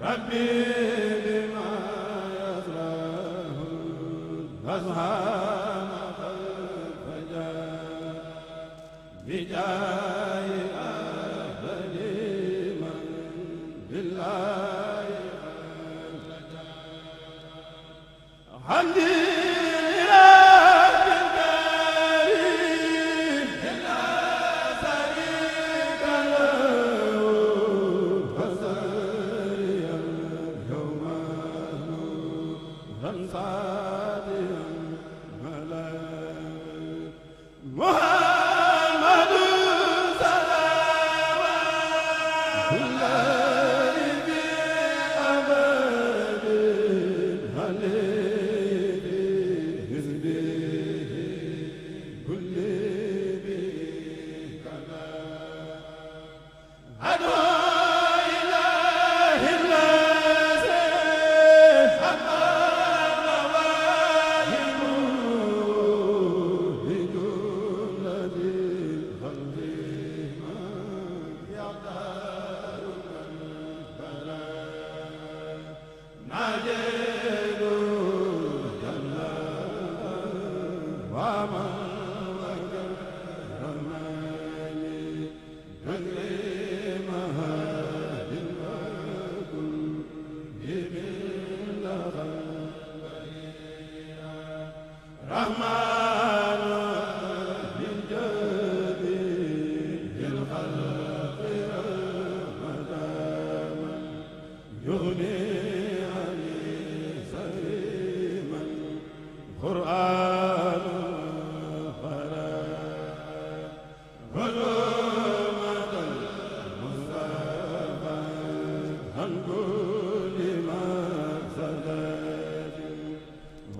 Rabbi man fa Qur'an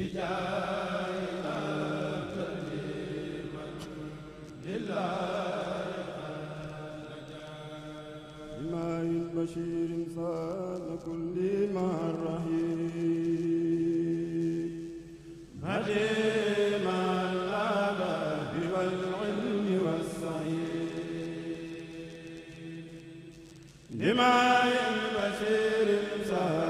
lima yam bashirin sa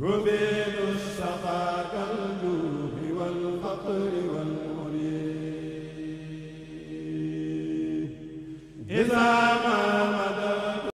Gobe